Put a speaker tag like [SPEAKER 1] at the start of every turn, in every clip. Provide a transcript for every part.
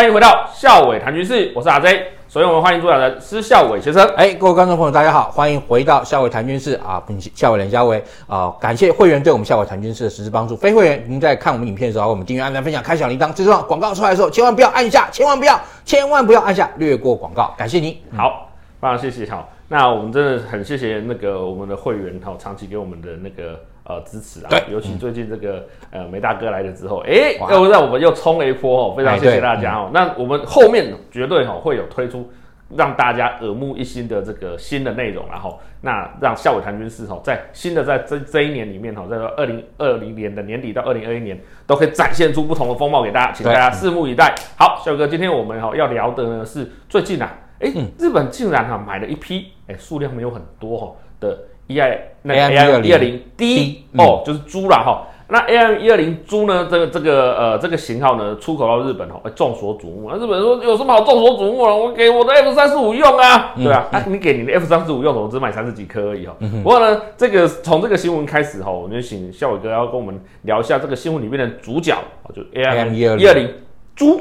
[SPEAKER 1] 歡迎回到孝瑋談軍事，我是阿 Z，首先我們歡迎主講的是孝瑋先生。Hey, 各位觀眾朋友，大家好，歡迎回到孝瑋談軍事啊，不，孝瑋連孝瑋啊，感謝會員對我們孝瑋談軍事的實質幫助。非會員您在看我們影片的時候，我們訂閱、按讚、分享、開小鈴鐺。最重要，廣告出來的時候，千萬不要按下，千萬不要，千萬不要按下，略過廣告。感謝您。嗯、好，非常謝謝。好，那
[SPEAKER 2] 我們真的很謝謝那個我們的會員好，長期給我們的那個。呃，支持啊！嗯、尤其最近這個呃，梅大哥來了之後，哎、欸，哇又讓我們又衝了一波哦、喔，非常謝謝大家哦、喔。哎嗯、那我們後面絕對哈、喔、會有推出讓大家耳目一新的這個新的內容、喔，然後那讓下午談軍事哦、喔，在新的在這這一年裡面哦、喔，在二零二零年的年底到二零二一年，都可以展現出不同的風貌給大家，請大家拭目以待。嗯、好，孝瑋哥，今天我們哈、喔、要聊的呢是最近啊，哎、欸，嗯、日本竟然哈、啊、買了一批，哎、欸，數量沒有很多哈、喔、的。E I，AM 那 A M 一二零 D, D 哦，嗯、就是豬啦。哈。那 A M 一二零豬呢？這個這個呃，這個型號呢，出口到日本哦，眾、欸、所矚目。那、啊、日本人說有什麼好眾所矚目的？我給我的 F 三十五用啊，嗯、對啊，那、嗯啊、你給你的 F 三十五用，我只買三十幾顆而已哦。嗯、哼不過呢，這個從這個新聞開始哦，我們就請孝瑋哥要跟我們聊一下這個新聞裡面的主角，就 A M 一二零豬。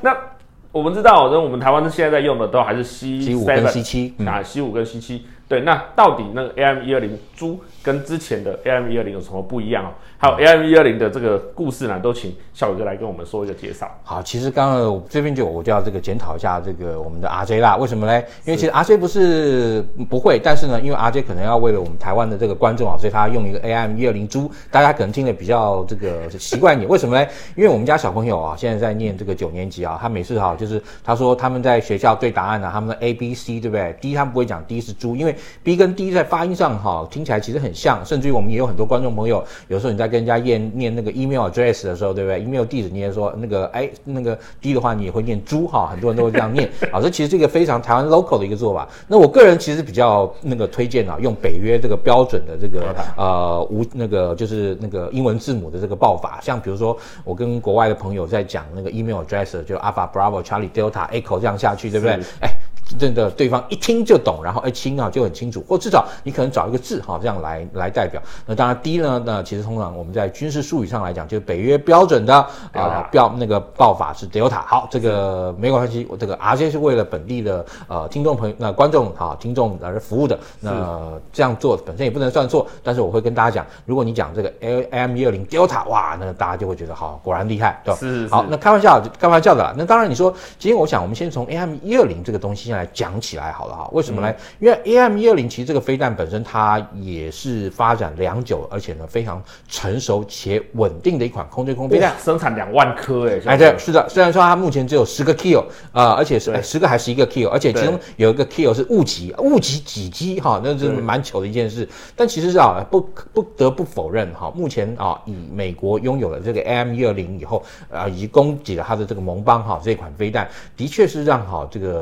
[SPEAKER 2] 那我們知道，那我，我們台灣現在在用的都還是 C 五跟 C 七、嗯、啊，C 五跟 C 七。對，那到底那個 AIM 一二零豬跟之前的 AIM 一二零有什麼不一樣哦、啊？還有 AIM 一二零的這個故事呢，都請孝瑋哥來跟我們說一個介紹。
[SPEAKER 1] 好，其實剛剛這邊就我就要這個檢討一下這個我們的 R J 啦，為什麼嘞？因為其實 R J 不是不會，但是呢，因為 R J 可能要為了我們台灣的這個觀眾啊，所以他用一個 AIM 一二零豬，大家可能聽得比較這個習慣一點。為什麼嘞？因為我們家小朋友啊，現在在念這個九年級啊，他每次哈就是他說他們在學校對答案呢、啊，他們的 A B C 對不對？D 他不會講 D 是豬，因為 B 跟 D 在發音上哈，聽起來其實很像，甚至於我們也有很多觀眾朋友，有時候你在跟人家念念那個 email address 的時候，對不對？email 地址你也說那個哎，那個 D 的話你也會念豬哈，很多人都會這樣念， 啊，這其實是一個非常台灣 local 的一個做法。那我個人其實比較那個推薦啊，用北約這個標準的這個呃無那個就是那個英文字母的這個報法，像比如說我跟國外的朋友在講那個 email address，就 Alpha Bravo Charlie Delta Echo 這樣下去，對不對？是哎真的對方一聽就懂，然後一聽啊就很清楚，或至少你可能找一個字哈這樣來來代表。那當然第一呢，那其實通常我們在軍事術語上來講，就是北約標準的啊,啊標那個報法是 Delta。好，這個是沒關係，我這個 RJ 是為了本地的呃聽眾朋友、那觀眾哈、啊、聽眾而服務的。那是這樣做本身也不能算錯，但是我會跟大家講，如果你講這個 AIM 一二零 Delta，哇，那個、大家就會覺得好，果然厲害，對吧？是,是好，那開玩笑，開玩笑的啦。那當然你說，今天我想我們先從 AIM 一二零這個東西。來講起來好了哈，為什麼呢？嗯、因為 AIM-120 其實這個飛彈本身它也是發展良久，而且呢非常成熟且穩定的一款空對空飛彈，哦、生產兩萬顆哎，哎對是的，雖然說它目前只有十個 kill 啊、呃，而且是十對、哎、個還是一個 kill，而且其中有一個 kill 是誤擊誤擊幾擊哈、哦，那是蠻糗的一件事。對但其實是啊，不不得不否認哈、哦，目前啊以美國擁有了這個 AIM-120 以後啊、呃，以及供給了它的這個盟邦哈、哦，這一款飛彈的確是讓好這個。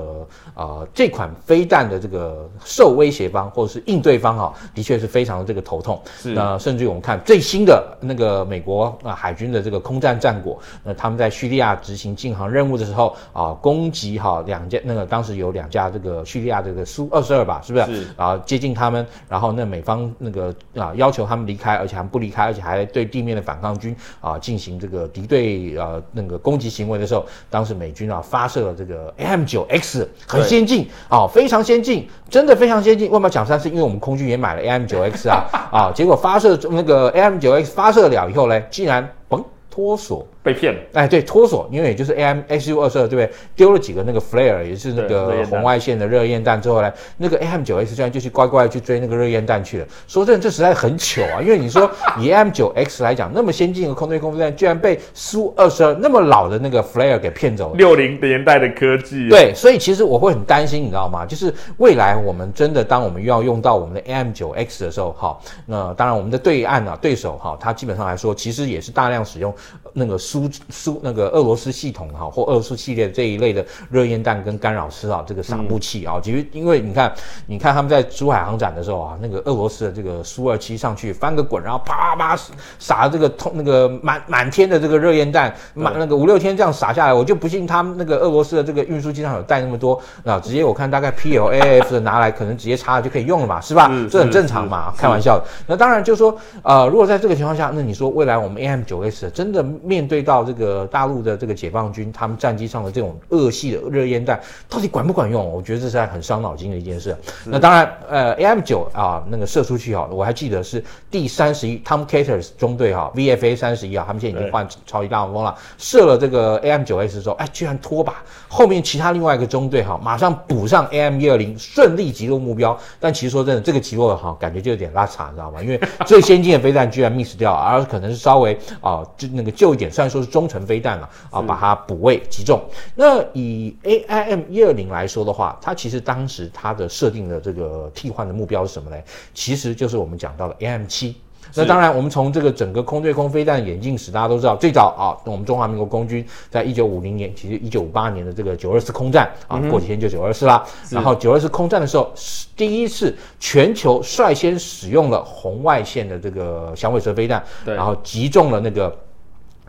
[SPEAKER 1] 呃啊、呃，這款飛彈的這個受威脅方或者是應對方哈、啊，的確是非常的這個頭痛。是那甚至於我們看最新的那個美國啊海軍的這個空戰戰果，那他們在敘利亞執行禁航任務的時候啊，攻擊哈、啊、兩架那個當時有兩架這個敘利亞這個蘇二十二吧，是不是？是啊，接近他們，然後那美方那個啊要求他們離開，而且還不離開，而且還對地面的反抗軍啊進行這個敵對呃、啊、那個攻擊行為的時候，當時美軍啊發射了這個 M 九 X 先進啊，非常先進，真的非常先進。為什麼講三次？因為我們空軍也買了 AM 九 X 啊 啊，結果發射那個 AM 九 X 發射了以後呢，竟然嘣脫鎖。被騙了。哎，對，脫鎖，因為也就是 A M SU 二十二，22, 對不對？丟了幾個那個 flare，也是那個紅外線的熱焰彈之後呢，那個 A M 九 X 居然就去乖乖去追那個熱焰彈去了。說真的，這實在很糗啊！因為你說以 A M 九 X 來講，那麼先進的空對空飛彈，居然被蘇二十二那麼老的那個 flare 給騙走了。六零年代的科技啊。對，所以其實我會很擔心，你知道嗎？就是未來我們真的當我們又要用到我們的 A M 九 X 的時候，哈，那當然我們的對岸啊，對手哈，他基本上來說，其實也是大量使用。那個蘇蘇那個俄羅斯系統哈、啊，或俄羅斯系列這一類的熱焰彈跟干擾絲啊，這個撒布器啊，嗯、其實因為你看，你看他們在珠海航展的時候啊，那個俄羅斯的這個蘇 -27 上去翻個滾，然後啪啪啪撒這個通那個滿滿天的這個熱焰彈，滿那個五六天這樣撒下來，我就不信他們那個俄羅斯的這個運輸機上有帶那麼多，那直接我看大概 PLAF 的拿來 可能直接插了就可以用了嘛，是吧？嗯、這很正常嘛，是開玩笑的。嗯、那當然就是說，呃，如果在這個情況下，那你說未來我們 AIM-9S 真的面對到這個大陸的這個解放軍，他們戰機上的這種惡系的熱煙彈到底管不管用？我覺得這是很傷腦筋的一件事。是那當然，呃，AIM 九啊，那個射出去哈、啊，我還記得是第三十一對 Tomcatters 中隊哈、啊、，VFA 三十一啊，他們現在已經換超級大黃蜂了，對射了這個 AIM 九 S 的時候，哎、啊，居然脫靶，後面其他另外一個中隊哈、啊，馬上補上 AIM 一二零，順利擊落目標。但其實說真的，這個擊落哈，感覺就有點拉雜，你知道嗎？因為最先進的飛彈居然 miss 掉，而可能是稍微啊，就那個就。一點，雖然說是中程飛彈啊，啊，是把它補位擊中。那以 AIM 一二零來說的話，它其實當時它的設定的這個替換的目標是什麼呢？其實就是我們講到的 AM 七。是那當然，我們從這個整個空對空飛彈演進史，大家都知道，最早啊，我們中華民國空軍在一九五零年，其實一九五八年的這個九二四空戰啊，嗯、哼過幾天就九二四啦。是然後九二四空戰的時候，第一次全球率先使用了紅外線的這個響尾蛇飛彈，對然後擊中了那個。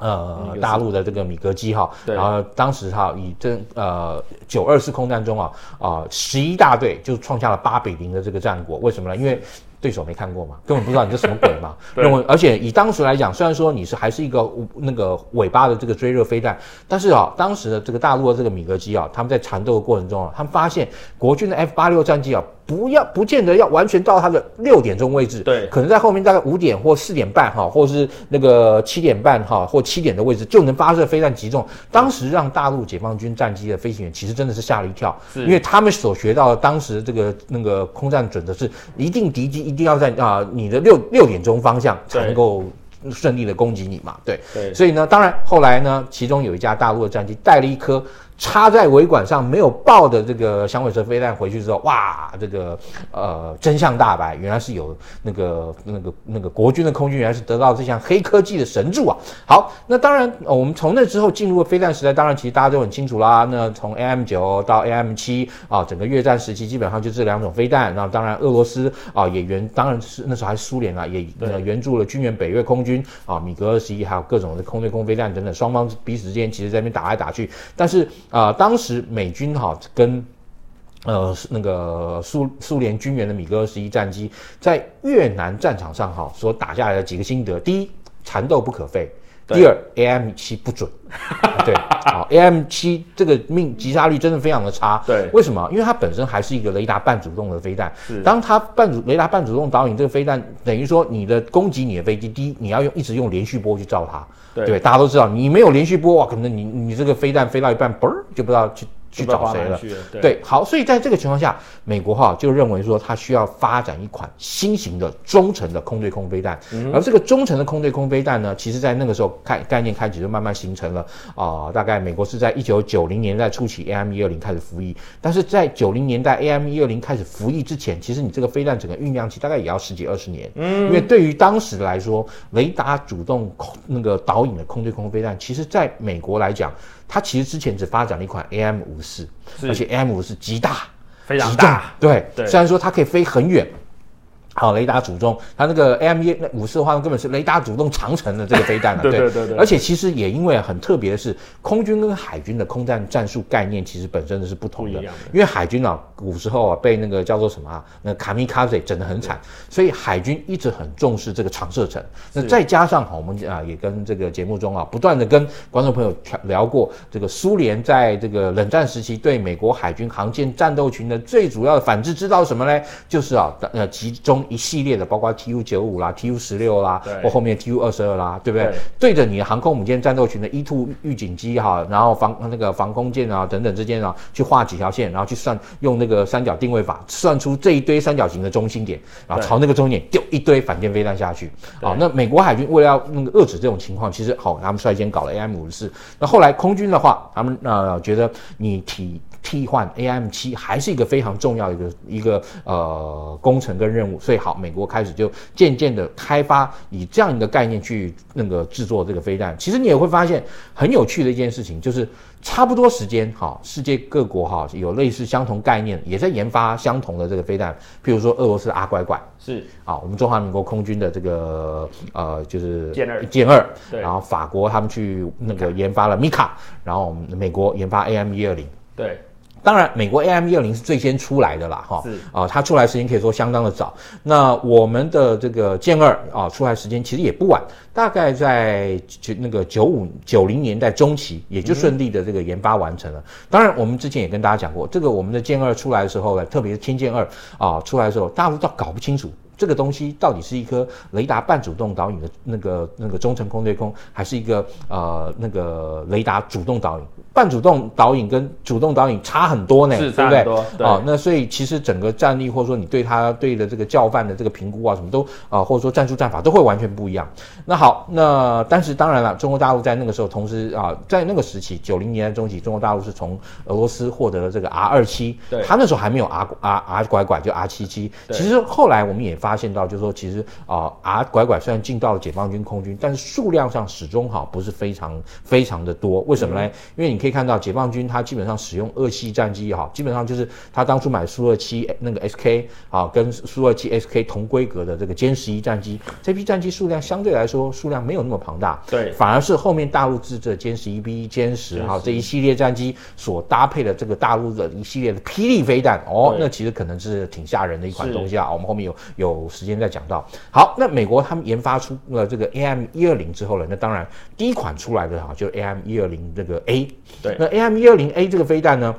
[SPEAKER 1] 呃，大陸的這個米格機哈，然後當時哈以這呃九二四空戰中啊啊十一大隊就創下了八比零的這個戰果，為什麼呢？因為對手沒看過嘛，根本不知道你這什麼鬼嘛。認為 對，而且以當時來講，雖然說你是還是一個那個尾巴的這個追熱飛彈，但是啊，當時的這個大陸的這個米格機啊，他們在纏鬥的過程中啊，他們發現國軍的 F 八六戰機啊。不要，不見得要完全到它的六點鐘位置，對，可能在後面大概五點或四點半哈，或是那個七點半哈，或七點的位置就能發射飛彈擊中。當時讓大陸解放軍戰機的飛行員其實真的是嚇了一跳，是因為他們所學到的當時這個那個空戰準則是，一定敵機一定要在啊你的六六點鐘方向才能夠順利的攻擊你嘛，對，對，所以呢，當然後來呢，其中有一架大陸的戰機帶了一顆。插在尾管上沒有爆的這個響尾蛇飛彈回去之後，哇，這個呃真相大白，原來是有那個那個那個國軍的空軍原來是得到這項黑科技的神助啊。好，那當然、哦、我們從那之後進入了飛彈時代，當然其實大家都很清楚啦。那從 AIM 九到 AIM 七啊，整個越戰時期基本上就這兩種飛彈。那當然俄羅斯啊也援，當然是那時候還是蘇聯啊也對、呃、援助了軍援北越空軍啊米格二十一還有各種的空對空飛彈等等，雙方彼此之間其實在那邊打來打去，但是。啊、呃，當時美軍哈跟，呃，那個蘇蘇聯軍援的米格二十一戰機在越南戰場上哈所打下來的幾個心得，第一，纏鬥不可廢。第二，AIM 七不準， 對啊，AIM 七這個命擊殺率真的非常的差，對，為什麼？因為它本身還是一個雷達半主動的飛彈，是，當它半主雷達半主動導引這個飛彈，等於說你的攻擊你的飛機低，第一你要用一直用連續波去照它，對,對，大家都知道，你沒有連續波哇，可能你你這個飛彈飛到一半嘣兒、呃、就不知道去。去找誰了？對，好，所以在這個情況下，美國哈就認為說，它需要發展一款新型的中程的空對空飛彈。嗯嗯、而這個中程的空對空飛彈呢，其實，在那個時候開概念開始就慢慢形成了啊、呃。大概美國是在一九九零年代初期 AIM 一二零開始服役，但是在九零年代 AIM 一二零開始服役之前，其實你這個飛彈整個醞釀期大概也要十幾二十年。嗯，因為對於當時來說，雷達主動那個導引的空對空飛彈，其實在美國來講。它其實之前只發展了一款 AM 五四。是而且 AM 五四極大，
[SPEAKER 2] 非常大。大，
[SPEAKER 1] 對，對，雖然說它可以飛很遠。好、哦，雷達主動，他那個 AIM-54 的話，根本是雷達主動長程的這個飛彈了、啊， 對對對，對，對。而且其實也因為很特別的是，空軍跟海軍的空戰戰術概念其實本身是不同的，的因為海軍啊，古時候啊被那個叫做什麼啊，那卡米卡塞整得很慘，對所以海軍一直很重視這個長射程。是那再加上哈、啊，我們啊也跟這個節目中啊不斷的跟觀眾朋友聊過，這個蘇聯在這個冷戰時期對美國海軍航艦戰鬥群的最主要的反制之道是什麼呢？就是啊，呃集中。一系列的，包括 T U 九五啦、T U 十六啦，對或後面 T U 二十二啦，對不對？對,對着你的航空母艦戰鬥群的 E two 預警機哈，然後防那個防空艦啊等等之間啊，去畫幾條線，然後去算用那個三角定位法算出這一堆三角形的中心點，然後朝那個中心點對丟一堆反艦飛彈下去。啊對、哦，那美國海軍為了要那個遏制這種情況，其實好、哦，他們率先搞了 A I M 五四。那後來空軍的話，他們呃覺得你體。替換 AIM 七還是一個非常重要的一個一個呃工程跟任務，所以好，美國開始就漸漸的開發以這樣一個概念去那個制作這個飛彈。其實你也會發現很有趣的一件事情，就是差不多時間，哈、哦，世界各國哈、哦、有類似相同概念也在研發相同的這個飛彈。譬如說俄羅斯的阿乖乖是啊、哦，我們中華民國空軍的這個呃就是劍二劍二，二對然後法國他們去那個研發了米卡 ika，然後我們美國研發 AIM 一二零對。當然，美國 A M 一二零是最先出來的啦，哈、哦，啊是、呃，它出來時間可以說相當的早。那我們的這個劍二啊、呃，出來時間其實也不晚，大概在九那個九五九零年代中期，也就順利的這個研發完成了。嗯、當然，我們之前也跟大家講過，這個我們的劍二出來的時候呢，特別是天劍二啊、呃、出來的時候，大陸倒搞不清楚。這個東西到底是一顆雷達半主動導引的那個那個中程空對空，還是一個呃那個雷達主動導引？半主動導引跟主動導引差很多呢，是對不對？啊、呃，那所以其實整個戰力或者說你對他對的這個教犯的這個評估啊，什麼都啊、呃，或者說戰術戰法都會完全不一樣。那好，那但是當然了，中國大陸在那個時候同時啊、呃，在那個時期九零年代中期，中國大陸是從俄羅斯獲得了這個 R 二七對，他那時候還沒有 R R R, R 拐拐就 R 七七對，其實後來我們也發。發現到就是說，其實啊 R 拐拐雖然進到了解放軍空軍，但是數量上始終哈不是非常非常的多。為什麼呢？嗯、因為你可以看到解放軍它基本上使用二七戰機哈，基本上就是他當初買蘇二七那個 SK 啊，跟蘇二七 SK 同規格的這個殲十一戰機，這批戰機數量相對來說數量沒有那麼龐大。對，反而是後面大陸制的殲十一 B、殲十哈這一系列戰機所搭配的這個大陸的一系列的霹靂飛彈哦，對那其實可能是挺嚇人的一款東西啊。是我們後面有有，有時間再講到。好，那美國他們研發出了這個 AIM 一二零之後呢？那當然第一款出來的哈、啊，就是 AIM 一二零這個 A。對，那 AIM 一二零 A 這個飛彈呢？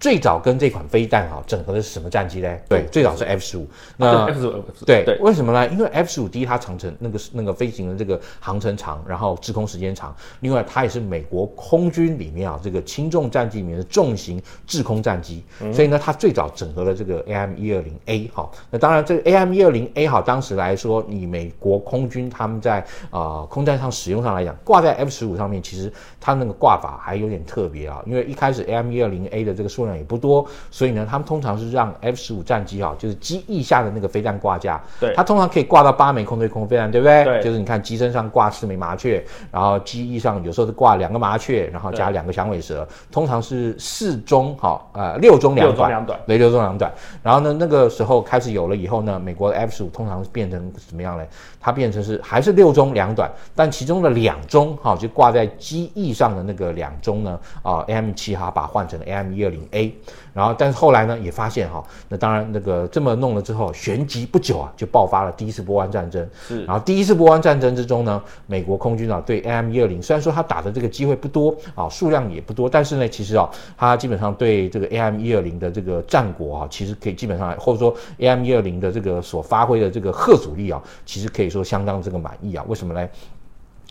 [SPEAKER 1] 最早跟這款飛彈啊整合的是什麼戰機呢？對，哦、最早是 F 十五。啊、那 F 十五，對對。對對，為什麼呢？因為 F 十五第一它長程，那個那個飛行的這個航程長，然後滯空時間長。另外它也是美國空軍裡面啊這個輕重戰機裡面的重型制空戰機，嗯、所以呢它最早整合了這個 AM 一二零 A 哈、哦。那當然這個 AM 一二零 A 哈，當時來說以美國空軍他們在啊、呃、空戰上使用上來講，掛在 F 十五上面其實它那個掛法還有點特別啊，因為一開始 AM 一二零 A 的這個數量。也不多，所以呢，他們通常是讓 F 十五戰機哈、哦，就是機翼下的那個飛彈掛架，對，它通常可以掛到八枚空對空飛彈，對不對？對，就是你看機身上掛四枚麻雀，然後機翼上有時候是掛兩個麻雀，然後加兩個響尾蛇，對通常是四中哈、哦，呃，六中兩短，對，六中兩短。兩短嗯、然後呢，那個時候開始有了以後呢，美國的 F 十五通常是變成怎麼樣嘞？它變成是還是六中兩短，但其中的兩中哈、哦，就掛在機翼上的那個兩中呢，啊，M 七哈把它換成了 AIM-120A。a，然後但是後來呢也發現哈、啊，那當然那個這麼弄了之後，旋即不久啊就爆發了第一次波灣戰爭，是，然後第一次波灣戰爭之中呢，美國空軍啊對 a m 一二零雖然說他打的這個機會不多啊，數量也不多，但是呢其實啊他基本上對這個 a m 一二零的這個戰果啊，其實可以基本上或者說 a m 一二零的這個所發揮的這個赫阻力啊，其實可以說相當這個滿意啊，為什麼呢？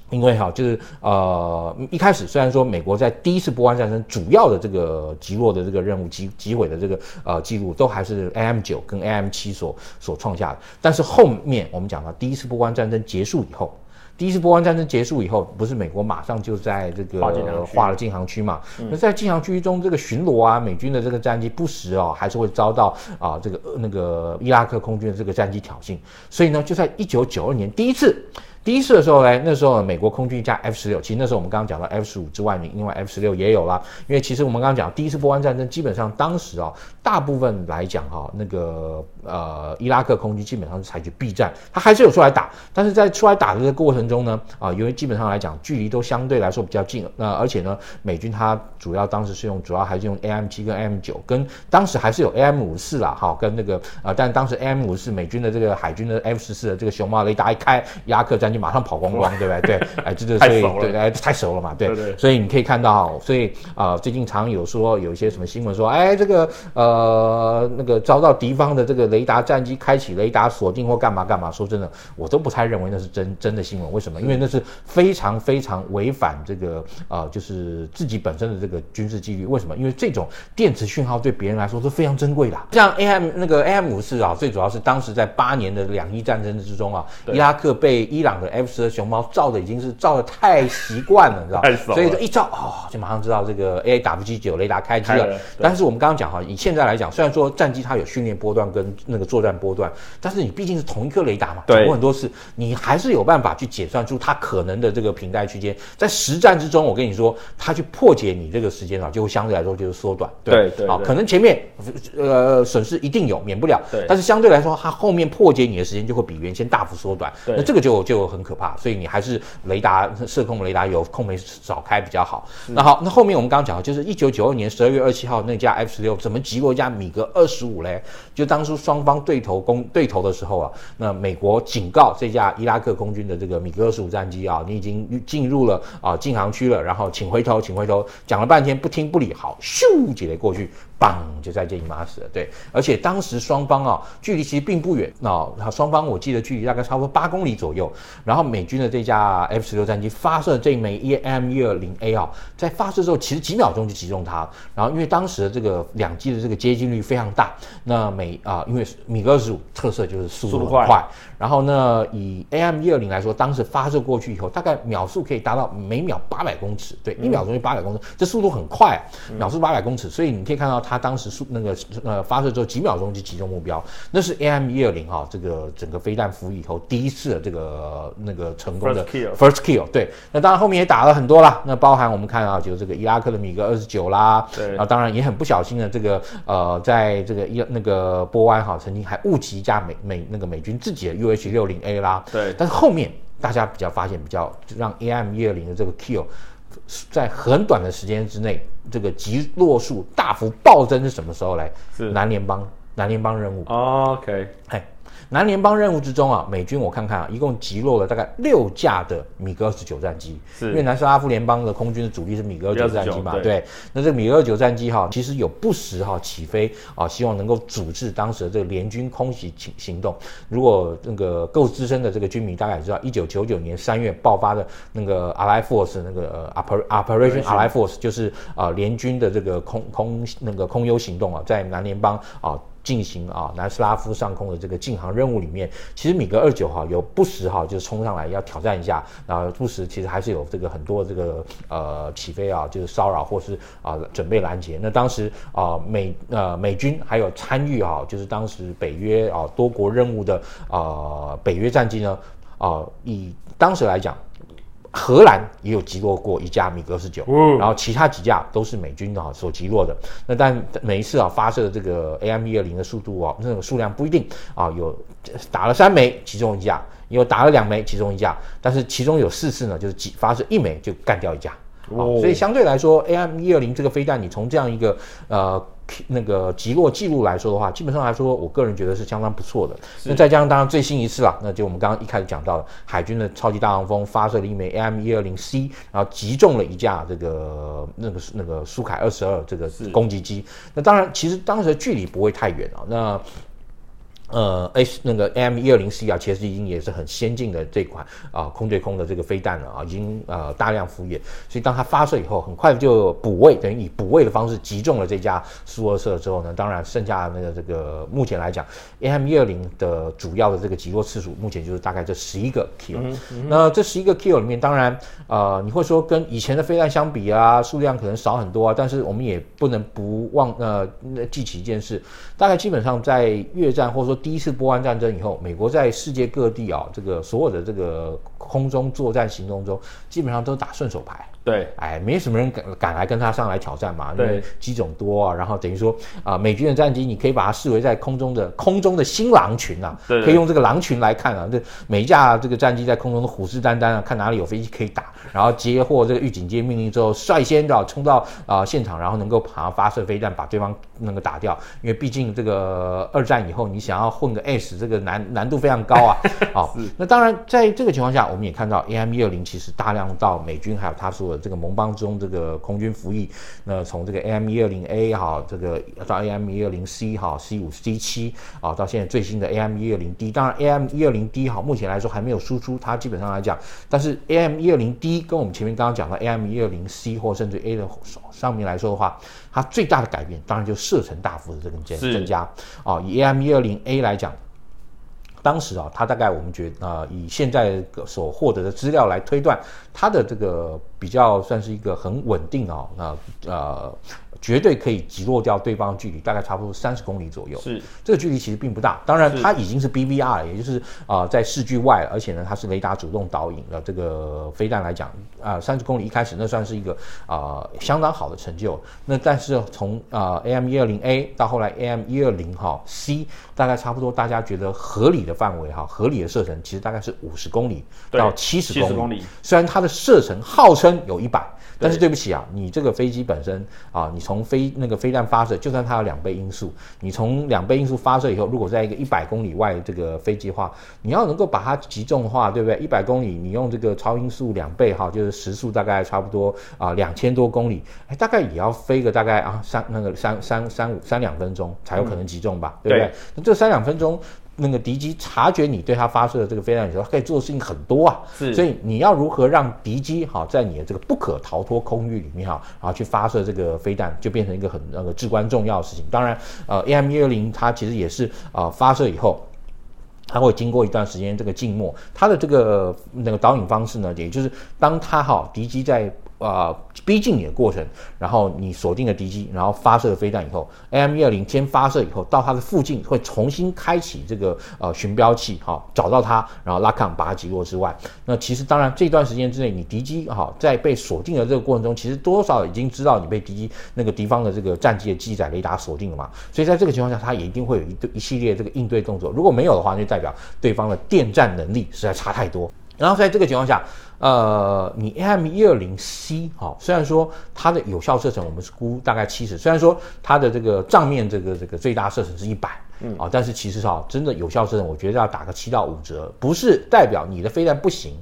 [SPEAKER 1] 因為哈、啊，就是呃，一開始雖然說美國在第一次波灣戰爭主要的這個擊落的這個任務、擊擊毀的這個呃記錄，都還是 AIM 九跟 AIM 七所所創下的。但是後面我們講到第一次波灣戰爭結束以後，第一次波灣戰爭結束以後，不是美國馬上就在這個劃了禁航區嘛？那在禁航區中，這個巡邏啊，美軍的這個戰機不時哦、啊，還是會遭到啊這個那個伊拉克空軍的這個戰機挑釁。所以呢，就在一九九二年第一次。第一次的時候呢，那時候美國空軍加 F 十六，16, 其實那時候我們剛剛講到 F 十五之外呢，另外 F 十六也有了。因為其實我們剛剛講第一次波灣戰爭，基本上當時啊、哦，大部分來講哈、哦，那個呃伊拉克空軍基本上是採取避戰，它還是有出來打。但是在出來打的這個過程中呢，啊、呃，因為基本上來講距離都相對來說比較近，那、呃、而且呢，美軍它主要當時是用主要還是用 AM 七跟 M 九，9, 跟當時還是有 AM 五四啦，哈、哦，跟那個呃但當時 AM 五四美軍的這個海軍的 F 十四的這個熊貓雷達一開，伊拉克戰。馬上跑光光，對不對？哇對，哎，就是所以對，哎，太熟了嘛，對對，對。所以你可以看到，所以啊、呃，最近常有說有一些什麼新聞說，哎，這個呃那個遭到敵方的這個雷達戰機開啟雷達鎖定或幹嘛幹嘛。說真的，我都不太認為那是真真的新聞。為什麼？因為那是非常非常違反這個呃，就是自己本身的這個軍事紀律。為什麼？因為這種電磁訊號對別人來說是非常珍貴的。像 AIM 那個 AIM 五四啊，最主要是當時在八年的兩伊戰爭之中啊，啊伊拉克被伊朗。F 十熊貓照的已經是照得太習慣了，你知道。所以說一照啊、哦，就馬上知道這個 AWG 九雷達開機了。哎、但是我們剛剛講哈，以現在來講，雖然說戰機它有訓練波段跟那個作戰波段，但是你畢竟是同一顆雷達嘛，對，很多次你還是有辦法去解算出它可能的這個頻帶區間。在實戰之中，我跟你說，它去破解你這個時間啊，就會相對來說就是縮短。對對，對，對，啊、哦，可能前面呃損失一定有，免不了。對，但是相對來說，它後面破解你的時間就會比原先大幅縮短。對，那這個就就。很可怕，所以你還是雷達、射控雷達有空沒少開比較好。是那好，那後面我們剛剛講就是，一九九二年十二月二十七號那架 F 十六怎麼擊落一架米格二十五嘞？就當初雙方對頭攻對頭的時候啊，那美國警告這架伊拉克空軍的這個米格二十五戰機啊，你已經進入了啊禁航區了，然後請回頭，請回頭。講了半天不聽不理，好，咻幾雷過去砰就再見你媽死了。對，而且當時雙方啊距離其實並不遠，那、啊、雙方我記得距離大概差不多八公里左右。然後美軍的這架 F 十六戰機發射這枚 AIM 一二零 A 啊，AL, 在發射之後，其實幾秒鐘就擊中它了。然後因為當時的這個兩機的這個接近率非常大，那美啊、呃，因為米格二十五特色就是速度快。然後呢，以 AIM 一二零來說，當時發射過去以後，大概秒速可以達到每秒八百公尺，對，嗯、一秒鐘就八百公尺，這速度很快，啊，嗯、秒速八百公尺，所以你可以看到它當時速那個呃發射之後幾秒鐘就擊中目標，那是 AIM 一二零哈，這個整個飛彈服役以後第一次的這個、呃、那個成功的 first kill. first kill，對，那當然後面也打了很多啦，那包含我們看啊，就是這個伊拉克的米格二十九啦，對，啊當然也很不小心的這個呃在這個伊那個波灣哈，啊，曾經還誤擊一架美美那個美軍自己的。H 六零 A 啦，對，但是後面大家比較發現，比較讓 AIM 一二零的這個 kill 在很短的時間之內，這個擊落數大幅暴增是什麼時候來？是南聯邦南聯邦任務。Oh, OK，嘿南聯邦任務之中啊，美軍我看看啊，一共擊落了大概六架的米格二十九戰機，是，因為南斯拉夫聯邦的空軍的主力是米格二十九戰機嘛，對。對那這個米格二十九戰機哈、啊，其實有不時哈、啊、起飛啊，希望能夠阻止當時的這個聯軍空襲行行動。如果那個夠資深的這個軍迷大概也知道，一九九九年三月爆發的那個 Allied Force 那個 Oper, Operation Allied Force，是就是啊聯軍的這個空空那個空優行動啊，在南聯邦啊。進行啊，南斯拉夫上空的這個禁航任務裡面，其實米格二九哈有不時哈就衝上來要挑戰一下，啊，不時其實還是有這個很多這個呃起飛啊，就是騷擾或是啊準備攔截。那當時啊美呃美軍還有參與哈、啊，就是當時北約啊多國任務的啊北約戰機呢啊以當時來講。荷蘭也有擊落過一架米格十九，嗯，然後其他幾架都是美軍啊所擊落的。那但每一次啊發射的這個 AM 一二零的速度啊，那個數量不一定啊，有打了三枚，其中一架，有打了兩枚，其中一架，但是其中有四次呢，就是幾發射一枚就乾掉一架，哦，啊，所以相對來說 AM 一二零這個飛彈，你從這樣一個呃。那個擊落記錄來說的話，基本上來說，我個人覺得是相當不錯的。是那再加上當然最新一次啦，那就我們剛剛一開始講到了海軍的超級大黃蜂發射了一枚 AIM 一二零 C，然後擊中了一架這個那個、那個、那個蘇凱二十二這個攻擊機。是那當然，其實當時距離不會太遠啊。那 S 呃 s 那個 AIM 一二零 C 啊，其實已經也是很先進的這款啊、呃，空對空的這個飛彈了啊，已經呃大量服役。所以當它發射以後，很快就補位，等於以補位的方式擊中了這架蘇俄社之後呢，當然剩下的那個這個目前來講，AIM 一二零的主要的這個擊落次數，目前就是大概這十一個 kill、嗯。嗯、那這十一個 kill 裡面，當然呃，你會說跟以前的飛彈相比啊，數量可能少很多啊，但是我們也不能不忘呃記起一件事，大概基本上在越戰或說第一次波灣戰爭以後，美國在世界各地啊，這個所有的這個空中作戰行動中，基本上都打順手牌。對，哎，沒什麼人敢敢來跟他上來挑戰嘛。對，因為機種多啊，對然後等於說啊、呃，美軍的戰機你可以把它視為在空中的空中的新狼群啊，對，對，可以用這個狼群來看啊，這每一架這個戰機在空中都虎視眈，眈眈啊，看哪裡有飛機可以打，然後接獲這個預警機命令之後，率先就要衝到啊、呃、現場，然後能夠爬發射飛彈把對方那個打掉，因為畢竟這個二戰以後你想要混個 S 這個難難度非常高啊。好，那當然在這個情況下，我們也看到 AIM 一二零其實大量到美軍還有他所有的。這個盟邦中，這個空軍服役，那從這個 AIM 一二零 A 好，這個到 AIM 一二零 C 好，C 五 C 七啊，到現在最新的 AIM 一二零 D，當然 AIM 一二零 D 好，目前來說還沒有輸出，它基本上來講，但是 AIM 一二零 D 跟我們前面剛剛講的 AIM 一二零 C 或甚至 A 的上面來說的話，它最大的改變，當然就射程大幅的這個增增加是啊，以 AIM 一二零 A 來講。當時啊，他大概我們覺得，呃，以現在所獲得的資料來推斷，他的這個比較算是一個很穩定啊，那、呃、啊。呃絕對可以擊落掉對方的距離，大概差不多三十公里左右。是，這個距離其實並不大。當然，它已經是 BVR 了，也就是啊、呃，在視距外了，而且呢，它是雷達主動導引的這個飛彈來講，啊、呃，三十公里一開始那算是一個啊、呃、相當好的成就。那但是從啊、呃、AIM 一二零 A 到後來 AIM 一二零哈 C，大概差不多大家覺得合理的範圍哈，合理的射程其實大概是五十公里到七十公里。七十公里。雖然它的射程號稱有一百。對但是對不起啊，你這個飛機本身啊，你從飛那個飛彈發射，就算它有兩倍音速，你從兩倍音速發射以後，如果在一個一百公里外這個飛機話，你要能夠把它擊中的話，對不對？一百公里，你用這個超音速兩倍哈，就是時速大概差不多啊兩千多公里，哎，大概也要飛個大概啊三那個三三三五三兩分鐘才有可能擊中吧，嗯、對不對？對，那這三兩分鐘。那個敵機察覺你對他發射的這個飛彈以後，他可以做的事情很多啊，是，所以你要如何讓敵機哈在你的這個不可逃脫空域裡面哈，然後去發射這個飛彈，就變成一個很那個、呃、至關重要的事情。當然，呃 AIM-120 它其實也是啊、呃、發射以後，它會經過一段時間這個靜默，它的這個那個導引方式呢，也就是當它哈、哦、敵機在。啊、呃，逼近你的過程，然後你鎖定了敵機，然後發射了飛彈以後，AIM 一二零先發射以後，到它的附近會重新開啟這個呃尋標器，哈、哦，找到它，然後拉康把它擊落之外，那其實當然這段時間之內，你敵機哈、哦、在被鎖定的這個過程中，其實多少已經知道你被敵機那個敵方的這個戰機的機載雷達鎖定了嘛，所以在這個情況下，它也一定會有一對一系列這個應對動作，如果沒有的話，那就代表對方的電戰能力實在差太多，然後在這個情況下。呃，你 AIM 一二零 C 哈、哦，雖然說它的有效射程我們是估大概七十，雖然說它的這個賬面這個這個最大射程是一百，嗯啊，但是其實哈、哦，真的有效射程我覺得要打個七到五折，不是代表你的飛彈不行，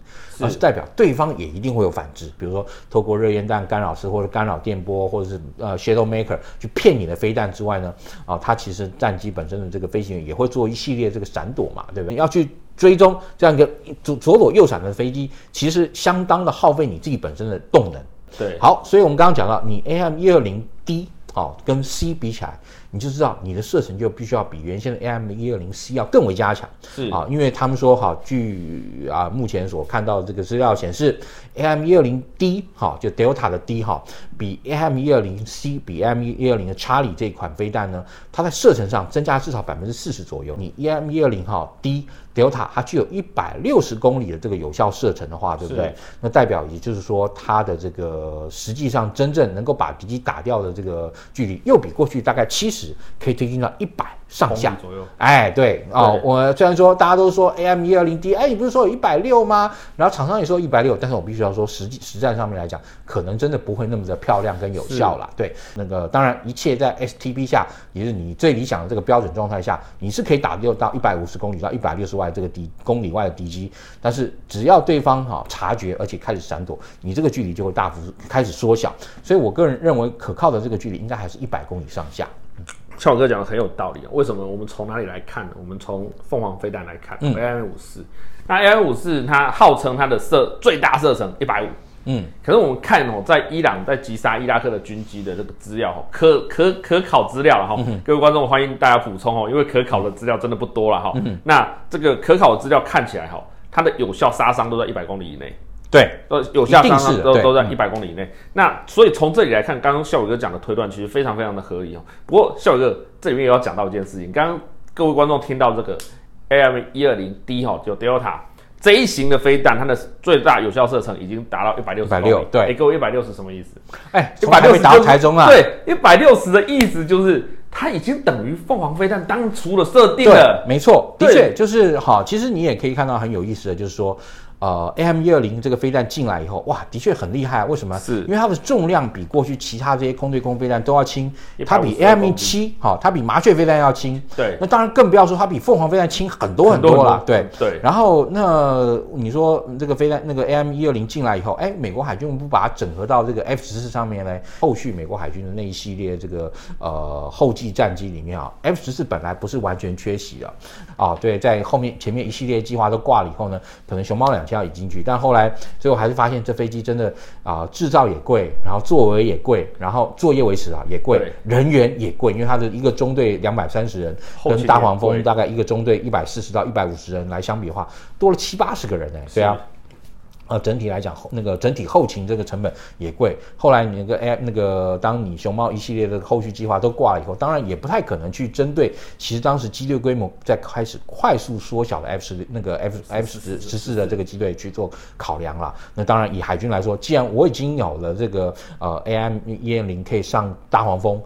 [SPEAKER 1] 而、呃、是代表對方也一定會有反制，比如說透過熱焰彈干擾絲或者干擾電波，或者是呃 Shadow Maker 去騙你的飛彈之外呢，啊、哦，它其實戰機本身的這個飛行員也會做一系列這個閃躲嘛，對不對？要去。.追蹤這樣一個左左躲右閃的飛機，其實相當的耗費你自己本身的動能。對，好，所以我們剛剛講到，你 AIM 一二零 D 好、哦、跟 C 比起來。你就知道你的射程就必須要比原先的 AM 一二零 C 要更為加強，是啊，因為他們說哈，據啊目前所看到的這個資料顯示，AM 一二零 D 哈，就 Delta 的 D 哈，比 AM 一二零 C 比 AM 一二零的查理 a l i 這款飛彈呢，它在射程上增加至少百分之四十左右。你 AM 一二零哈 D Delta 它具有一百六十公里的這個有效射程的話，對不對？是那代表也就是說它的這個實際上真正能夠把敵機打掉的這個距離，又比過去大概七十。可以推進到一百上下左右，哎，對哦，對，我雖然說大家都說 AM 一二零 D，哎，你不是說有一百六嗎？然後廠商也說一百六，但是我必須要說實際實戰上面來講，可能真的不會那麼的漂亮跟有效啦。是對，那個當然一切在 STP 下，也是你最理想的這個標準狀態下，你是可以打六到一百五十公里到一百六十外這個敵公里外的敵機，但是只要對方哈、啊、察覺而且開始閃躲，你這個距離就會大幅開始縮小。所以我個人認為可靠的這個距離應該還是一百公里上下。巧哥講的很有道理啊！為什麼我們從哪裡來看呢？我們從鳳凰
[SPEAKER 2] 飛彈來看，AIM 五四，嗯、那 AIM 五四它號稱它的射最大射程一百五，嗯，可是我們看哦，在伊朗在擊殺伊拉克的軍機的這個資料哈，可可可考資料了哈，嗯、哼各位觀眾歡迎大家補充哦，因為可考的資料真的不多了哈，嗯、哼那這個可考的資料看起來哈，它的有效殺傷都在一百公里以內。對，呃，有效射程都都在一百公里以內。嗯、那所以從這裡來看，剛剛孝瑋哥講的推斷其實非常非常的合理哦。不過孝瑋哥這裡面也要講到一件事情，剛剛各位觀眾聽到這個 AM 一二零 D 哈、哦，就 Delta 這一型的飛彈，它的最大有效射程已經達到一百六十公里。160，對，哎，各位一百六十什麼意思？哎，一百六十就打到台中啊、就是。對，一百六十的意思就是它已經等於鳳凰飛彈當初的設定了。對
[SPEAKER 1] 沒錯，對的確就是好。其實你也可以看到很有意思的就是說。呃，AIM 一二零這個飛彈進來以後，哇，的確很厲害、啊。為什麼？是因為它的重量比過去其他這些空對空飛彈都要輕，它比 AIM 七，哈、哦，它比麻雀飛彈要輕。對，那當然更不要說它比鳳凰飛彈輕很多很多了、啊。對對。然後那你說這個飛彈那個 AIM 一二零進來以後，哎，美國海軍不把它整合到這個 F 十四上面呢？後續美國海軍的那一系列這個呃後繼戰機裡面啊，F 十四本來不是完全缺席的。啊。對，在後面前面一系列計劃都掛了以後呢，可能熊貓兩千。要引進去，但後來最後還是發現這飛機真的啊、呃，制造也貴，然後座位也貴，然後作業維持啊也貴，對人員也貴，因為他的一個中隊兩百三十人，跟大黃蜂大概一個中隊一百四十到一百五十人來相比的話，對多了七八十個人哎、欸，對啊。呃，整體來講，後那個整體後勤這個成本也貴。後來你那個 A 那個，當你熊貓一系列的後續計劃都掛了以後，當然也不太可能去針對，其實當時機隊規模在開始快速縮小的 F 十那個 F F 十四的這個機隊去做考量啦。那當然，以海軍來說，既然我已經有了這個呃 AIM-120 可以上大黃蜂，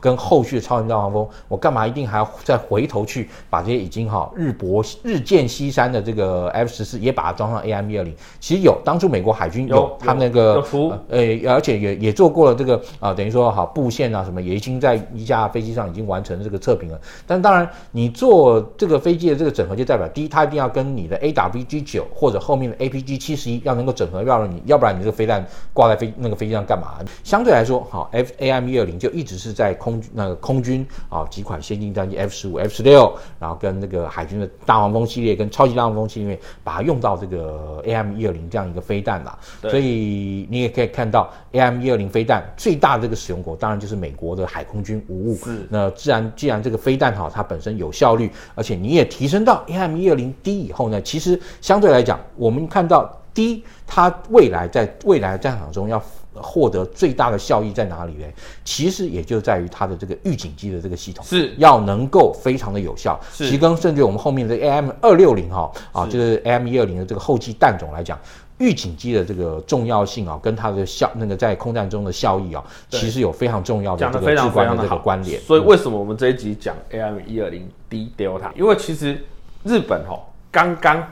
[SPEAKER 1] 跟後續的超級大黃蜂，我幹嘛一定還要再回頭去把這些已經哈日薄日漸西山的這個 F14 也把它裝上 AIM-120？其實有，當初美國海軍有，有他們那個，服呃，而且也也做過了這個啊、呃，等於說哈布線啊什麼，也已經在一架飛機上已經完成了這個測評了。但當然，你做這個飛機的這個整合，就代表第一，它一定要跟你的 AWG9 或者後面的 APG71 要能夠整合了你，要不然你要不然你這個飛彈掛在飛那個飛機上幹嘛？相對來說，好 FAM120 就一直是。在空，那個空軍啊，幾款先進戰機 F 十五、15, F 十六，16, 然後跟那個海軍的大黃蜂系列、跟超級大黃蜂系列，把它用到這個 AIM 一二零這樣一個飛彈啦。對所以你也可以看到 AIM 一二零飛彈最大的這個使用國，當然就是美國的海空軍無誤。是那自然，既然這個飛彈哈，它本身有效率，而且你也提升到 AIM 一二零 D 以後呢，其實相對來講，我們看到 D 它未來在未來的戰場中要獲得最大的效益在哪裡呢？其實也就在於它的這個預警機的這個系統是要能夠非常的有效。是，跟甚至我們後面的 AIM 二六零哈啊，就是 AIM 一二零的這個後繼彈種來講，預是警機的這個重要性啊，跟它的效那個在空戰中的效益啊，對其實有非常重要的一個至關的這個關聯。所以為
[SPEAKER 2] 什麼我們這一集講 AIM 一二零 D Delta？因為其實日本哈剛剛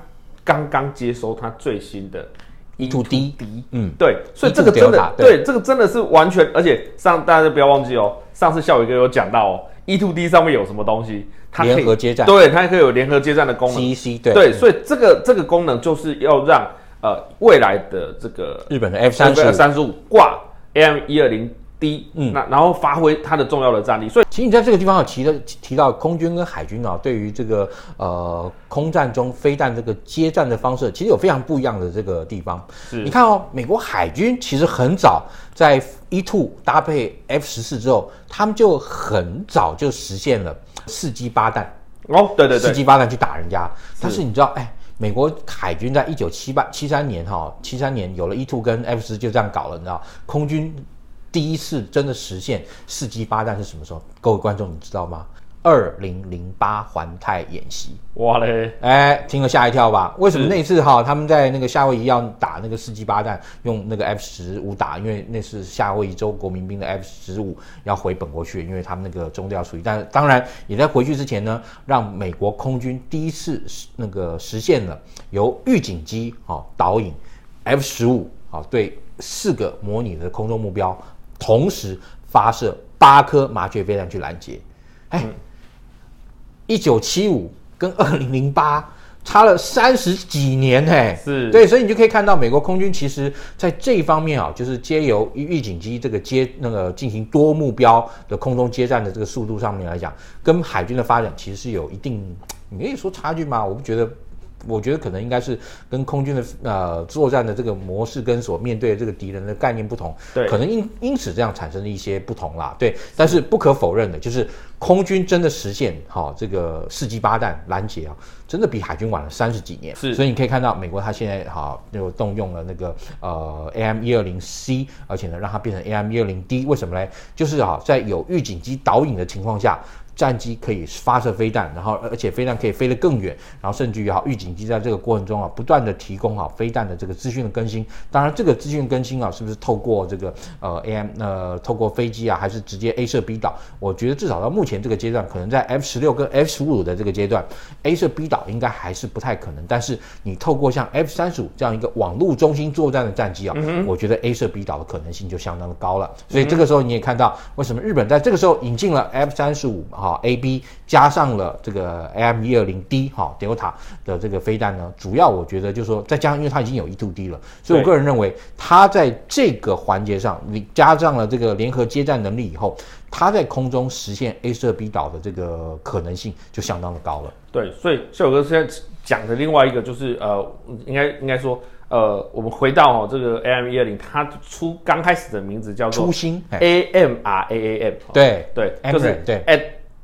[SPEAKER 2] 剛剛接收它最新的。e to d d，嗯，對，所以這個真的，E2 Delta，對，對，這個真的是完全，而且上大家就不要忘記哦，上次孝瑋哥有講到哦，e to d 上面有什麼東西，它可以，對，它還可以有聯合接戰的功能，CC，對，對嗯、所以這個這個功能就是要讓呃未來的這個日本的 f 三十二三十五掛 AIM 一二零。嗯，那然後發揮它的重
[SPEAKER 1] 要的戰力，所以其實你在這個地方提的提到空軍跟海軍啊，對於這個呃空戰中飛彈這個接戰的方式，其實有非常不一樣的這個地方。是，你看哦，美國海軍其實很早在 E2 搭配 F 十四之後，他們就很早就實現了四機八彈。哦，對對對，四機八彈去打人家。是但是你知道，哎，美國海軍在一九七八七三年哈、哦，七三年有了 E2 跟 F 十四就這樣搞了，你知道空軍。第一次真的實現四機八彈是什麼時候？各位觀眾你知道嗎？二零零八環太演習，哇嘞！哎，聽了嚇一跳吧？為什麼那次哈？是他們在那個夏威夷要打那個四機八彈，用那個 F 十五打，因為那是夏威夷州國民兵的 F 十五要回本國去，因為他們那個中隊要出。但當然，也在回去之前呢，讓美國空軍第一次那個實現了由預警機啊，導引 F 十五啊，對四個模擬的空中目標。同時發射八顆麻雀飛彈去攔截，哎、hey, 嗯，一九七五跟二零零八差了三十幾年，欸，呢？是，是對，所以你就可以看到美國空軍其實在這一方面啊，就是藉由預警機這個接那個進行多目標的空中接戰的這個速度上面來講，跟海軍的發展其實是有一定，你可以說差距嗎？我不覺得。我覺得可能應該是跟空軍的呃作戰的這個模式跟所面對的這個敵人的概念不同，對，可能因因此這樣產生了一些不同啦，對。但是不可否認的，就是空軍真的實現哈、哦、這個四機八彈攔截啊，真的比海軍晚了三十幾年。是，所以你可以看到美國它現在哈又、哦、動用了那個呃 AIM 一二零 C，而且呢讓它變成 AIM 一二零 D，為什麼呢？就是哈、啊、在有預警機導引的情況下。戰機可以發射飛彈，然後而且飛彈可以飛得更遠，然後甚至於哈、啊，預警機在這個過程中啊，不斷的提供啊飛彈的這個資訊的更新。當然，這個資訊更新啊，是不是透過這個呃 A M 呃透過飛機啊，還是直接 A 射 B 導？我覺得至少到目前這個階段，可能在 F 十六跟 F 十五的這個階段，A 射 B 導應該還是不太可能。但是你透過像 F 三十五這樣一個網絡中心作戰的戰機啊，我覺得 A 射 B 導的可能性就相當的高了。所以這個時候你也看到，為什麼日本在這個時候引進了 F 三十五嘛？好，A B 加上了這個 A M 一二零 D 哈 Delta 的這個飛彈呢，主要我覺得就是說再加上因為它已經有 E Two D 了，所以我個人認為它對在這個環節上，你加上了這個聯合接戰能力以後，它在空中實現 A 射 B 導的這個可能性就相當的高了。
[SPEAKER 2] 對，所以秀哥現在講的另外一個就是呃，應該應該說呃，我們回到、哦、這個 A M 一二零，e、20, 它出剛開始的名字叫做、AM A A A、M, 初心 A M R A A M，對、嗯、對，就是對。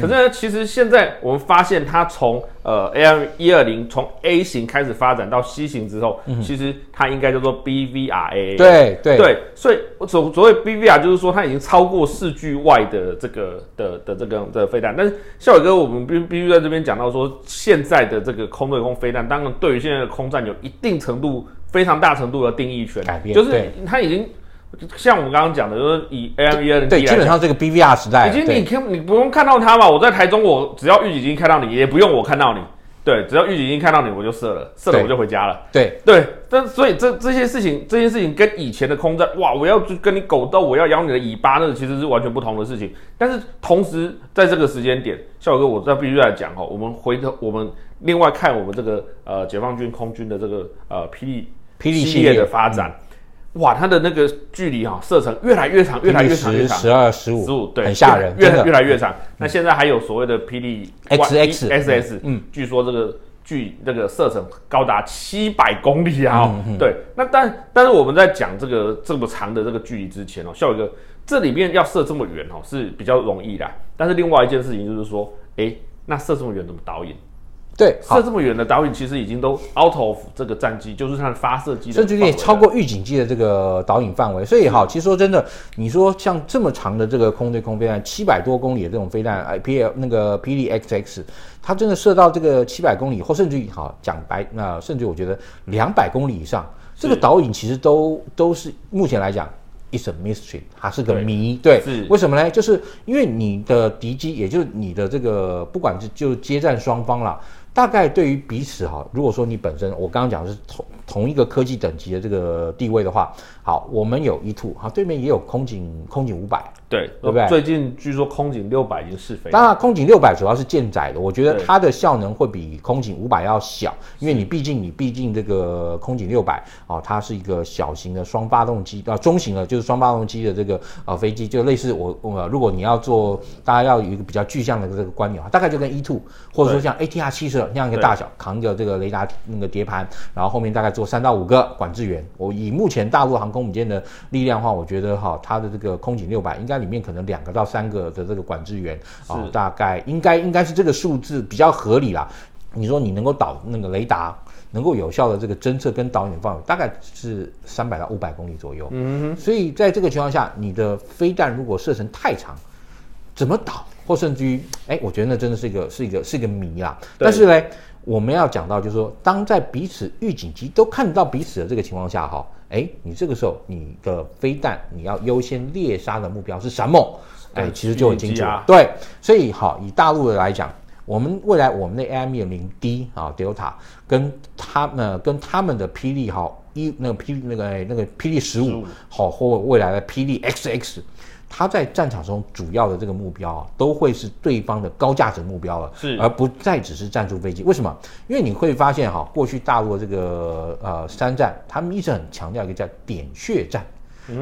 [SPEAKER 2] 可是呢，其實現在我們發現它，它從呃 AIM 一二零從 A 型開始發展到 C 型之後，嗯、哼其實它應該叫做 B V R A。對對對，所以所所謂 B V R 就是說它已經超過視距外的這個的的，的這個這個飛彈。但是孝瑋哥，我們必必須在這邊講到說，現在的這個空對空飛彈，當然對於現在的空戰有一定程度，非常大程度的定義權變就是它已經。就像我們剛剛講的，就是以 AMVN 對，對，基本上
[SPEAKER 1] 這個 BVR 時代已經你，對你
[SPEAKER 2] 看，對你不用看到他嘛，我在台中，我只要預警機已經看到你，也不用我看到你。對，只要預警機已經看到你，我就射了，射了我就回家
[SPEAKER 1] 了。對對，
[SPEAKER 2] 對，但所以這這些事情，這些事情跟以前的空戰，哇，我要跟你狗鬥，我要咬你的尾巴，那個、其實是完全不同的事情。但是同時在這個時間點，孝瑋哥，我再必須來講哦，我們回頭，我們另外看我們這個呃解放軍空軍的這個呃霹靂霹靂系列的發展。哇，它的那個距離哈、啊，射程越來越長，越來越長，十二、十五，十五，對，很嚇人，越，越，的越來越長。嗯、那現在還有所謂的霹靂 X X S、e, SS, S，嗯， 據說這個距那個射程高達七百公里啊、哦。嗯嗯、對，那但但是我們在講這個這麼長的這個距離之前哦，孝瑋哥，這裡面要射這麼遠哦，是比較容易的，但是另外一件事情就是說，誒、欸，那射這麼遠怎麼導引？
[SPEAKER 1] 對，射這麼遠
[SPEAKER 2] 的導引，其實已經都 out of 這個戰機，就是它的發射機，甚至可以
[SPEAKER 1] 超過預警機的這個導引範圍。所以哈，是其實說真的，你說像這麼長的這個空對空飛彈，七百多公里的這種飛彈，哎，P L 那個 P D X X，它真的射到這個七百公里，或甚至於哈，講白，那、呃、甚至於我覺得兩百公里以上，是這個導引其實都都是目前來講，is a mystery，它是個謎。對，對是為什麼呢？就是因為你的敵機，也就是你的這個不管是就接戰雙方啦。大概對於彼此哈，如果說你本身，我剛剛講的是同一個科技等級的這個地位的話，好，我們有 E Two、啊、對面也有空警空警五百，對，
[SPEAKER 2] 對不對？最近據說空警六百已經試飛，當然
[SPEAKER 1] 空警六百主要是艦載的，我覺得它的效能會比空警五百要小，對因為你畢竟你畢竟這個空警六百啊，它是一個小型的雙發動機啊，中型的，就是雙發動機的這個呃飛機，就類似我我、呃，如果你要做，大家要有一個比較具象的這個觀念啊，大概就跟 E Two 或者說像 A T R 七十二那樣一個大小，扛着這個雷達那個碟盤，然後後面大概。做三到五個管制員，我以目前大陸航空母艦的力量的話，我覺得哈，它的這個空警六百應該裡面可能兩個到三個的這個管制員啊是、哦，大概應該應該是這個數字比較合理啦。你說你能夠導那個雷達，能夠有效的這個偵測跟導引範圍，大概是三百到五百公里左右。嗯哼，所以在這個情況下，你的飛彈如果射程太長，怎麼導，或甚至於，哎，我覺得那真的是一個是一個是一個,是一個謎啦。對但是嘞。我們要講到，就是說，當在彼此預警機都看得到彼此的這個情況下，哈，哎，你這個時候你的飛彈你要優先獵殺的目標是什麼？哎，其實就很清楚，啊、對。所以，好，以大陸的來講，我們未來我們的 AIM-120D 啊，Delta 跟他們、呃、跟他們的霹靂哈，一那個霹那個那個霹靂十五好，或未來的霹靂 XX。他在戰場中主要的這個目標啊，都會是對方的高價值目標了，是而不再只是戰術飛機。為什麼？因為你會發現哈、啊，過去大陸這個呃山戰，他們一直很強調一個叫點穴戰。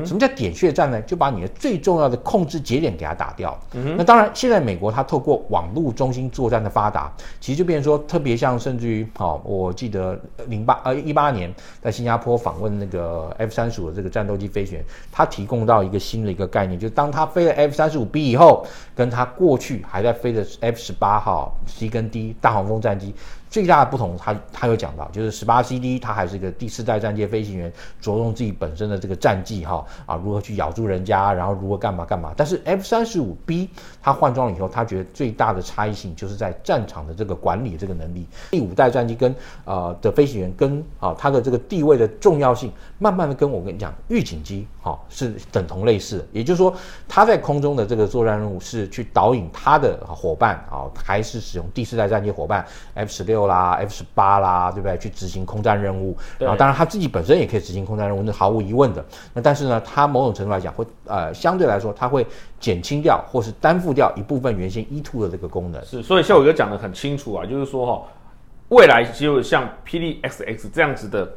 [SPEAKER 1] 什麼叫點穴戰呢？就把你的最重要的控制節點給它打掉。嗯、哼那當然，現在美國它透過網絡中心作戰的發達，其實就變成說，特別像甚至於好、哦，我記得零八呃一八年在新加坡訪問那個 F 三十五的這個戰鬥機飛行員，他提供到一個新的一個概念，就是當他飛了 F 三十五 B 以後，跟他過去還在飛的 F 十八號 C 跟 D 大黃蜂戰機。最大的不同他、他他有講到，就是十八 CD，他還是一個第四代戰機飛行員，着重自己本身的這個戰績，哈啊，如何去咬住人家，然後如何幹嘛幹嘛。但是 F 三十五 B。他換裝了以後，他覺得最大的差異性就是在戰場的這個管理這個能力。第五代戰機跟呃的飛行員跟啊他的這個地位的重要性，慢慢的跟我跟你講，預警機哈、啊、是等同類似的，也就是說他在空中的這個作戰任務是去導引他的夥伴啊，還是使用第四代戰機夥伴 F 十六啦、F 十八啦，對不對？去執行空戰任務。然後當然他自己本身也可以執行空戰任務，那毫無疑問的。那但是呢，他某種程度來講會呃相對來說他會減輕掉或是擔負。掉一部分原先 E two 的這個功能是，所以孝瑋哥講的很清楚啊，就是
[SPEAKER 2] 說哈、哦，未來只有像 P D X X 這樣子的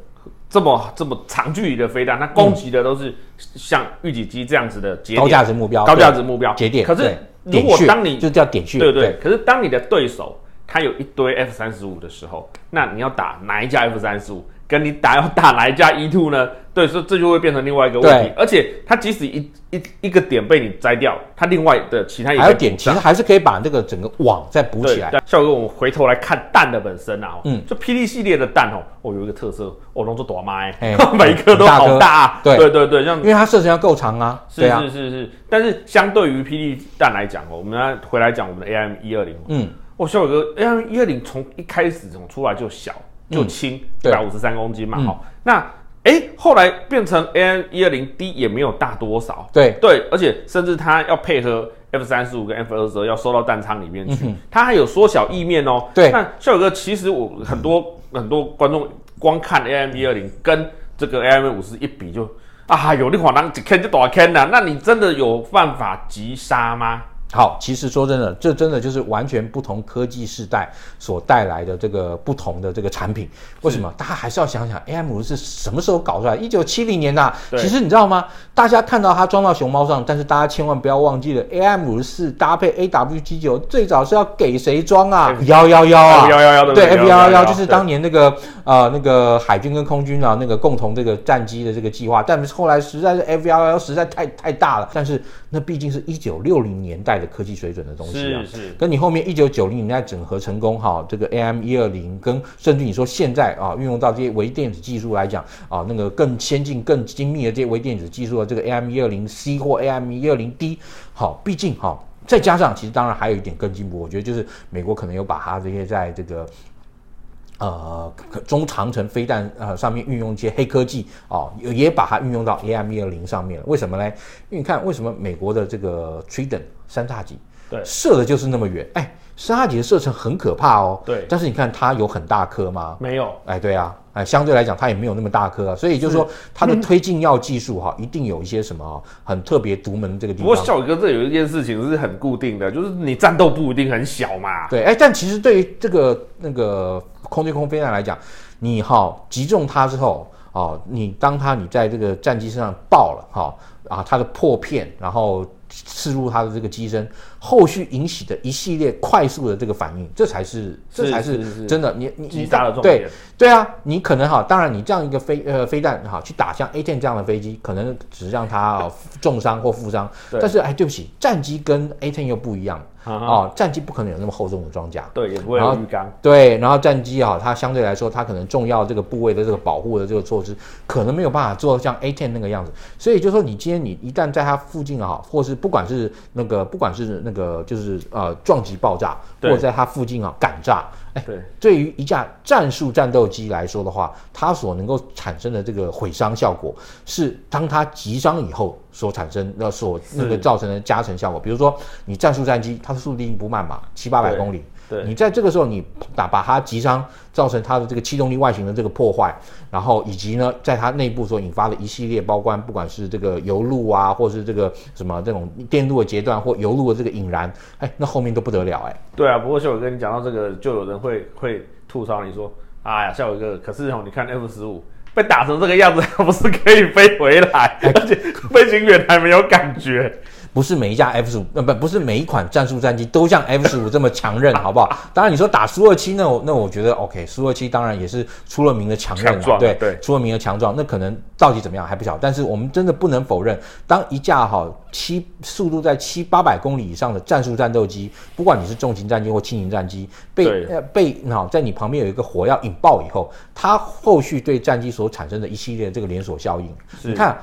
[SPEAKER 2] 這麼這麼長距離的飛彈，它攻擊的都是像預警機這樣子的、嗯、高價值目標，高價值目標節對點。可是如果當你就叫點穴，對，對對。對，可是當你的對手他有一堆 F 三十五的時候，那你要打哪一架 F 三十五？跟你打要打哪一架 E two 呢？對，所以這就會變成另外一個問題。對而且它即使一一一個點被你摘掉，它另外的其他也會還有點其實還是
[SPEAKER 1] 可以把這個整個網再補起來。但
[SPEAKER 2] 孝瑋哥，我們回頭來看彈的本身啊、哦，嗯，這霹靂系列的彈哦，我、哦、有一個特色，我龍珠多麥，哎，嘿 每一個都好大,、啊大，對對,對對對，像因為
[SPEAKER 1] 它射程要夠長啊，啊是是
[SPEAKER 2] 是是。但是相對於霹靂彈來講哦，我們來回來講我們的 AIM 一二零，嗯，哦，孝瑋哥 AIM 一二零從一開始從出來就小。嗯、就輕一百五十三公斤嘛，好，那哎、欸，後來變成 AM 一二零 D 也沒有大多少，對對，而且甚至它要配合 F 三十五跟 F 二十二要收到彈倉裡面去，它、嗯、哼還有縮小翼面哦，對。那孝瑋哥，其實我很多、嗯、很多觀眾光看 AM 一二零跟這個 AM 五十一比就、哎、呦，你看一啊，有那可那幾天就打天了，那你真的有辦法擊
[SPEAKER 1] 殺嗎？好，其實說真的，這真的就是完全不同科技世代所帶來的這個不同的這個產品。為什麼？是大家還是要想想，AM 五十四什麼時候搞出來？一九七零年吶、啊。對其實你知道嗎？大家看到它裝到熊貓上，但是大家千萬不要忘記了，AM 五十四搭配 AWG 九最早是要給誰裝啊？幺幺幺啊，幺幺幺的對，不對，對，F 幺幺幺就是當年那個對呃那個海軍跟空軍啊那個共同這個戰機的這個計劃，但是後來實在是 F 幺幺幺實在太太大了，但是。那畢竟是一九六零年代的科技水準的東西啊，是是跟你後面一九九零年代整合成功哈，這個 AIM 一二零跟甚至你說現在啊運用到這些微電子技術來講啊，那個更先進、更精密的這些微電子技術的這個 AIM 一二零 C 或 AIM 一二零 D，好，畢竟好、啊，再加上其實當然還有一點更進步，我覺得就是美國可能有把它這些在這個。呃，中長程飛彈呃，上面運用一些黑科技哦，也把它運用到 AIM 一二零上面了。為什麼呢？因為你看為什麼美國的這個 Trident 三叉戟，射對的就是那麼遠。哎。沙棘的射程很可怕哦，對，但是你看它有很大顆嗎？沒有，哎，對啊，哎，相對來講它也沒有那麼大顆，啊，所以就是說它是的推進藥技術哈、啊，嗯、一定有一些什麼、啊、很特別獨門這個地方。不過小
[SPEAKER 2] 哥這有一件事情是很固定的，就是你戰鬥部一定很小嘛。
[SPEAKER 1] 對，哎，但其實對於這個那個空對空飛彈來講，你哈、哦、擊中它之後哦，你當它你在這個戰機身上爆了哈、哦、啊，它的破片然後刺入它的這個機身。後續引起的一系列快速的這個反應，這才是這才是真的。是是是，你你你打了重點對對啊，你可能哈、啊，當然你這樣一個飛呃飛彈哈，去打像 A10 這樣的飛機，可能只讓它、哦、 重傷或負傷。對但是哎，對不起，戰機跟 A10 又不一樣啊，哈啊，戰機不可能有那麼厚重的裝甲。對，也不會有浴缸然後。對，然後戰機哈、啊，它相對來說，它可能重要這個部位的這個保護的這個措施，可能沒有辦法做像 A10 那個樣子。所以就說你今天你一旦在它附近啊，或是不管是那個，不管是那個。個就是呃撞擊爆炸，或者在它附近啊敢對炸。哎、欸，對於一架戰術戰鬥機來說的話，它所能夠產生的這個毀傷效果，是當它擊傷以後所產生那所那個造成的加成效果。是比如說，你戰術戰機，它的速度一定不慢嘛，七八百公里。對你在這個時候，你打把它擊傷，造成它的這個氣動力外形的這個破壞，然後以及呢，在它內部所引發的一系列包括，不管是這個油路啊，或是這個什麼這種電路的階段或油路的這個引燃，哎，那後面都不得了哎。
[SPEAKER 2] 對啊，不過孝瑋哥，你講到這個，就有人會會吐槽你說，哎呀，孝瑋哥，可是哦，你看 F 十五被打成這個樣子，還不
[SPEAKER 1] 是可以飛回來， 而且飛行員還沒有感覺。不是每一架 F 十五，呃，不不是每一款戰術戰機都像 F 十五這麼強韌， 好不好？當然，你說打蘇二七，那我那我覺得 OK，蘇二七當然也是出了名的強韌嘛，壯對，對出了名的強壯。那可能到底怎麼樣還不曉得，但是我們真的不能否認，當一架哈七速度在七八百公里以上的戰術戰鬥機，不管你是重型戰機或輕型戰機，被對、呃、被那在你旁邊有一個火藥引爆以後，它後續對戰機所產生的一系列這個連鎖效應，是你看。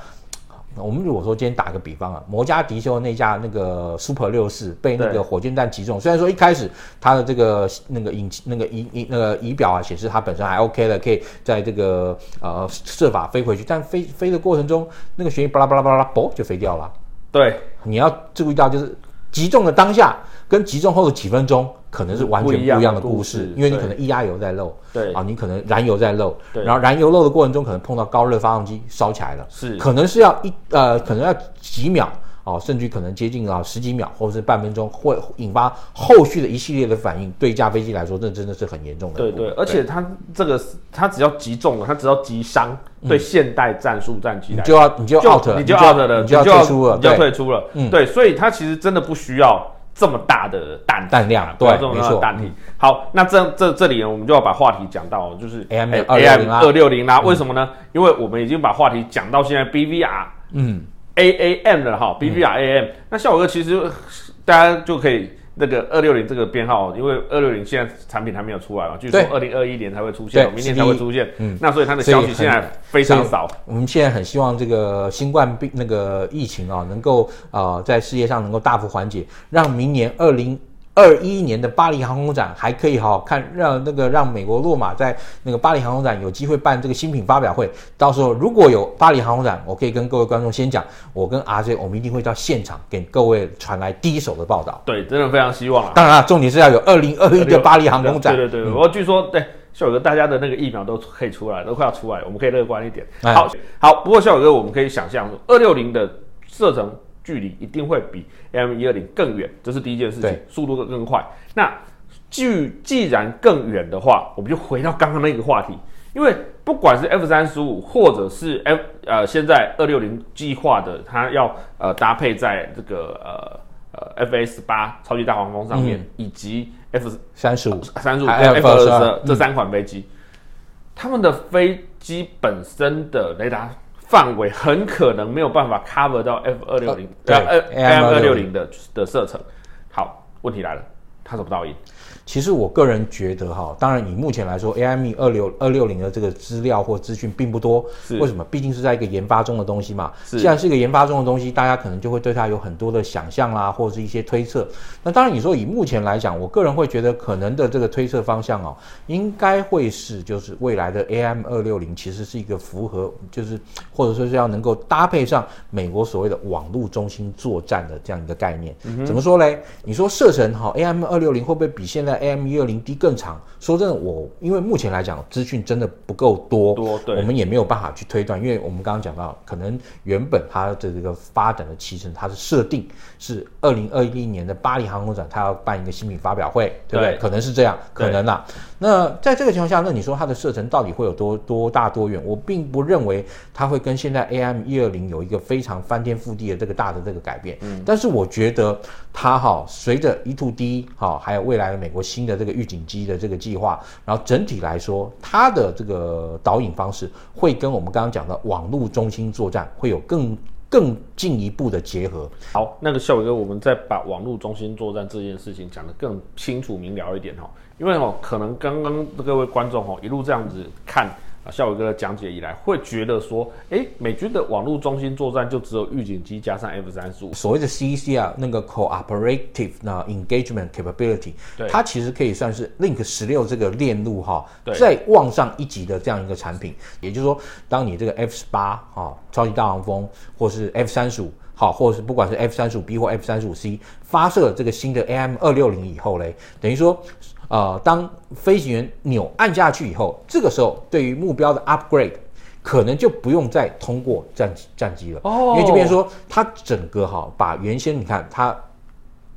[SPEAKER 1] 我們如果說今天打個比方啊，摩加迪修那架那個 Super 六四，被那個火箭彈擊中，對雖然說一開始它的這個那個儀那個儀儀那個儀、那個那個、表啊顯示它本身還 OK 的，可以在這個呃設法飛回去，但飛飛的過程中，那個旋翼巴拉巴拉巴拉嘣，就飛掉了。對，你要注意到就是。擊中的當下跟擊中後的幾分鐘可能是完全不一樣的故事，因為你可能液壓油在漏，對，對啊，你可能燃油在漏，對然後燃油漏的過程中可能碰到高熱發動機燒起來了，是對，可能是要一呃，可能要幾秒。哦，甚至可能接近啊十幾秒，或者是半分鐘，會引發後續的一系列的反應。對一架飛機來說，這真的是很嚴重的。對對，而且它
[SPEAKER 2] 這個它只要擊中了，它只要擊傷，對現代戰術戰機來說，就要你就 out，你就 out 了，你就要退出了，你就要退出了。對，所以它其實真的不需要這麼大的彈彈量，對，這種彈體。好，那這這裡呢，我們就要把話題講到就是 AIM-260 啦。為什麼呢？因為我們已經把話題講到現在 B V R，嗯。AAM 的哈 BVRAAM、嗯、那效果哥其實大家就可以那個二六零這個編號，因為二六零現在產品還沒有出來嘛，據說二零二一年才會出現，對明年才會出現，嗯，CD, 那所以它的消息現在非常少。我們
[SPEAKER 1] 現在很希望這個新冠病那個疫情啊，能夠啊、呃、在世界上能夠大幅緩解，讓明年二零。二一年的巴黎航空展還可以好好看，讓那個讓美國洛馬在那個巴黎航空展有機會辦這個新品發表會。到時候如果有巴黎航空展，我可以跟各位觀眾先講，我跟阿杰我們一定會到現場給各位傳來第一手的報道。
[SPEAKER 2] 對，真的非常希望啊！
[SPEAKER 1] 當然啊，重點是要有二零二一的巴黎航空展。對對對，我
[SPEAKER 2] 據說對，孝瑋、嗯、哥，大家的那個疫苗都可以出來，都快要出來，我們可以樂觀一點。好、哎、好，不過孝瑋哥，我們可以想象二六零的射程，距離一定會比 M 一二零更遠，這是第一件事情。對速度更更快。那既既然更遠的話，我們就回到剛剛那個話題，因為不管是 F 三十五或者是 F 呃，現在二六零計劃的，它要呃搭配在這個呃呃 FA 十八超級大黃蜂上面，嗯、以及 F
[SPEAKER 1] 三十五、三十五、35, F 二十二、嗯、這
[SPEAKER 2] 三款飛機，他們的飛機本身的雷達。範圍很可能沒有辦法 cover 到 F 二六零，對，呃，二六零的的射程。好，問題來了，
[SPEAKER 1] 它走不到一。其實我個人覺得哈、啊，當然以目前來說，AIM 二六二六零的這個資料或資訊並不多。是為什麼？畢竟是在一個研發中的東西嘛。是，既然是一個研發中的東西，大家可能就會對它有很多的想象，啦，或者是一些推測。那當然，你說以目前來講，我個人會覺得可能的這個推測方向哦、啊，應該會是就是未來的 AIM 二六零其實是一個符合，就是或者說是要能夠搭配上美國所謂的網絡中心作戰的這樣一個概念。嗯、哼怎麼說嘞？你說射程哈，AIM 二六零會不會比現在？AM 一二零 D 更長，說真的我，我因為目前來講資訊真的不夠多，多對我們也沒有辦法去推斷，因為我們剛剛講到，可能原本它的這個發展的期程，它的設定是二零二一年的巴黎航空展，它要辦一個新品發表會，對不對？對，可能是這樣，可能啦、啊。對那在這個情況下，那你說它的射程到底會有多多大多遠？我並不認為它會跟現在 AM 一二零有一個非常翻天覆地的這個大的這個改變。嗯，但是我覺得它哈、哦，隨着 E Two D 哈、哦，還有未來的美國。新的這個預警機的這個計劃，然後整體來說，它的這個導引方式會跟我們剛剛講的網絡中心作戰會有更更進一步的結合。
[SPEAKER 2] 好，那個孝瑋哥，我們再把網絡中心作戰這件事情講得更清楚明了一點哈、哦，因為哦，可能剛剛各位觀眾哦一路這樣子看。啊，孝瑋哥的講解以來，會覺得說，誒，美軍的網絡中心作戰就只有預警機加上 F 三十
[SPEAKER 1] 五，所謂的 CEC 啊，那個 Cooperative Engagement Capability，對它其實可以算是 Link 十六這個鏈路哈，再往上一級的這樣一個產品。對也就是說，當你這個 F 十八啊，超級大黃蜂，或是 F 三十五，好，或者是不管是 F 三十五 B 或 F 三十五 C 發射這個新的 AM 二六零以後嘞，等於說。呃，當飛行員鈕按下去以後，這個時候對於目標的 upgrade，可能就不用再通過戰機戰機了。哦，因為這邊說它整個哈，把原先你看它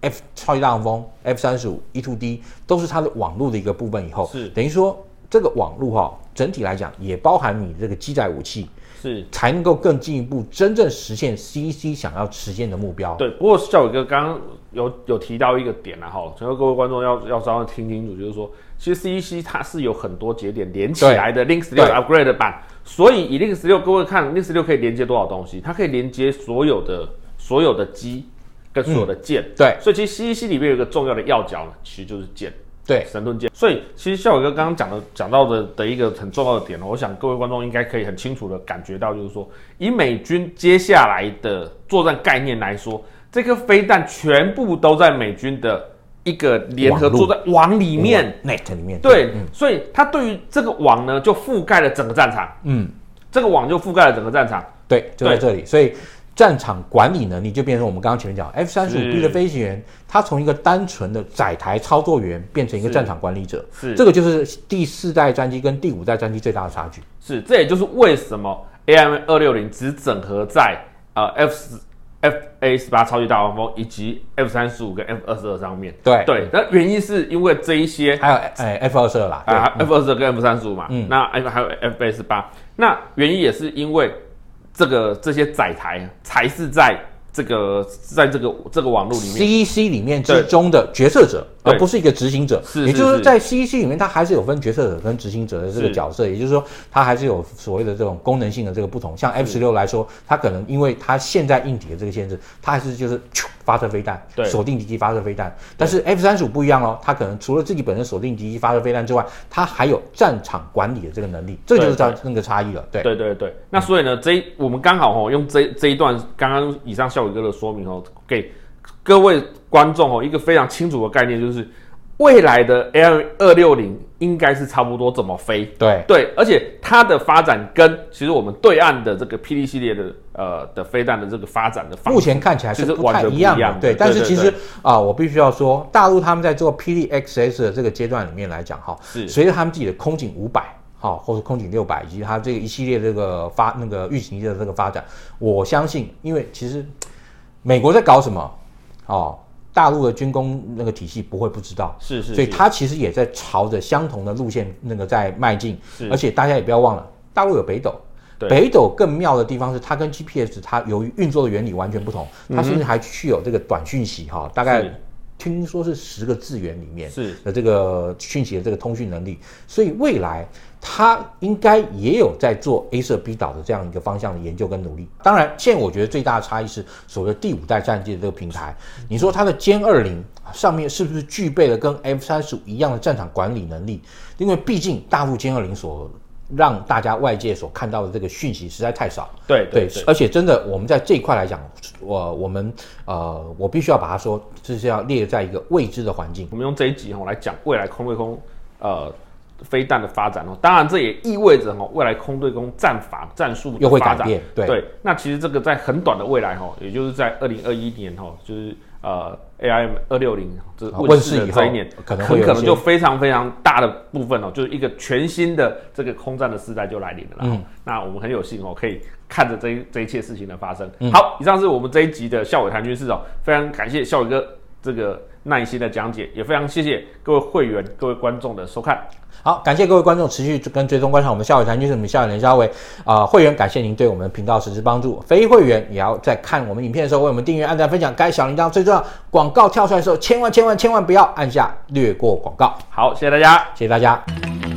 [SPEAKER 1] ，F 超級大黃蜂、22, F 三十五、35, E two D 都是它的網絡的一個部分以後，是等於說。這個網絡哈、哦，整體來講也包含你這個機載武器，是才能夠更進一步真正實現 C E C 想要實現的目標，
[SPEAKER 2] 對。不過孝瑋哥
[SPEAKER 1] 剛剛
[SPEAKER 2] 有有提到一個點呢、啊、哈，整各位觀眾要要稍微聽，聽清楚，就是說，其實 C E C 它是有很多節點連起來的對 Link 十六 upgrade 的版，對所以以 Link 十六各位看 Link 十六可以連接多少東西，它可以連接所有的所有的機跟所有的艦、嗯，對，所以其實 C E C 裡面有一個重要的要角呢，其實就是艦。對，神盾艦。所以，其實孝瑋哥剛剛講的、講到的的一個很重要的點呢，我想各位觀眾應該可以很清楚的感覺到，就是說，以美軍接下來的作戰概念來說，這個飛彈全部都在美軍的一個聯合作戰網裡面，
[SPEAKER 1] 網裡面。對，嗯、
[SPEAKER 2] 所以它對於這個網呢，就覆蓋了整個戰場。嗯，這個網就覆蓋了整個戰場。
[SPEAKER 1] 嗯、對，就在這裡。對。所以。戰場管理能力就變成我們剛剛前面講 F 三十五 B 的飛行員，他從一個單純的載台操作員變成一個戰場管理者。是這個就是第四代戰機跟第五代戰機最大的差距是。
[SPEAKER 2] 是這也就是為什麼 AIM 二六零只整合在、呃、F 四 FA 十八超級大黃蜂以及 F 三十五跟 F 二十二上面。對對，那原因是因為這一些還有、欸、F 二十二啦，對 F 二十二跟 F 三十五嘛，嗯，那 F 還有 FA 十八，那原因也是因為。這個這些載台才是在。這個在這個這個網絡裡面，C E
[SPEAKER 1] C 裡面之中的決策者，對而不是一個執行者，對也就是在 C E C 裡面，它還是有分決策者跟執行者的這個角色，是也就是說，它還是有所謂的這種功能性的這個不同。像 F 十六來說，是它可能因為它現在硬體的這個限制，它還是就是發射飛彈，鎖對定敵機發射飛彈。對但是 F 三十五不一樣哦，它可能除了自己本身鎖定敵機發射飛彈之外，它還有戰場管理的這個能力，這個、就是它那個差異了。對對對
[SPEAKER 2] 對，那所以呢，這我們剛好吼用這一這一段剛剛以上效果。一個的說明哦，給各位觀眾哦，一個非常清楚的概念，就是未來的 AIM 二六零應該是差不多怎麼飛？對對，而且它的發展跟其實我們對岸的這個霹
[SPEAKER 1] 靂系列的呃的飛彈的這個發展的目前看起來是不太一樣的。樣的對，但是其實對對對啊，我必須要說，大陸他們在做霹靂 XS 的這個階段裡面來講哈，哦、是隨着他們自己的空警五百哈，或是空警六百以及它這個一系列這個發那個預警機的這個發展，我相信，因為其實。美國在搞什麼？哦，大陸的軍工那個體系不會不知道，是是，是，所以它其實也在朝着相同的路線那個在邁進。是是，而且大家也不要忘了，大陸有北斗，對，北斗更妙的地方是它跟 GPS，它由於運作的原理完全不同，它甚至還具有這個短訊息哈、哦，大概聽說是十個字元裡面是的這個訊息的這個通訊能力，所以未來。他應該也有在做 A 射 B 導的這樣一個方向的研究跟努力。當然，現在我覺得最大的差異是所謂第五代戰機的這個平台。你說它的殲二零上面是不是具備了跟 F 三十五一樣的戰場管理能力？因為畢竟大陸殲二零所讓大家外界所看到的這個訊息實在太少。對
[SPEAKER 2] 對、對，而且
[SPEAKER 1] 真的我們在這一塊來講，我我們呃，我必須要把它說，這是要列在一個未知的環境。我們用這一集我、哦、來講未來空對空呃。
[SPEAKER 2] 飛彈的發展哦，當然這也意味着哈、哦、未來空對空戰法戰術又會改變，對，對那其實這個在很短的未來哈、哦，也就是在二零二一年哈、哦，就是呃 AIM 二六零這問世以後，可能一很可能就非常非常大的部分哦，就是一個全新的這個空戰的時代就來臨了。然、嗯、那我們很有幸哦，可以看着這一這一切事情的發生。嗯、好，以上是我們這一集的孝瑋談軍事哦，非常感謝孝瑋哥這個。耐心的講解，也非常謝謝各位會員、各位觀眾的收看。
[SPEAKER 1] 好，感謝各位觀眾持續跟追蹤觀察我們孝瑋談軍事，就是我們孝瑋聯銷為啊會員，感謝您對我們頻道實質幫助。非會員也要在看我們影片的時候為我們訂閱、按讚、分享該小鈴鐺。最重要，廣告跳出來的時候，千萬千萬千萬不要按下略過廣告。好，謝謝大家，謝謝大家。